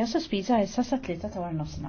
Jassu sospiża jessa sa tlieta ta' warnofsna.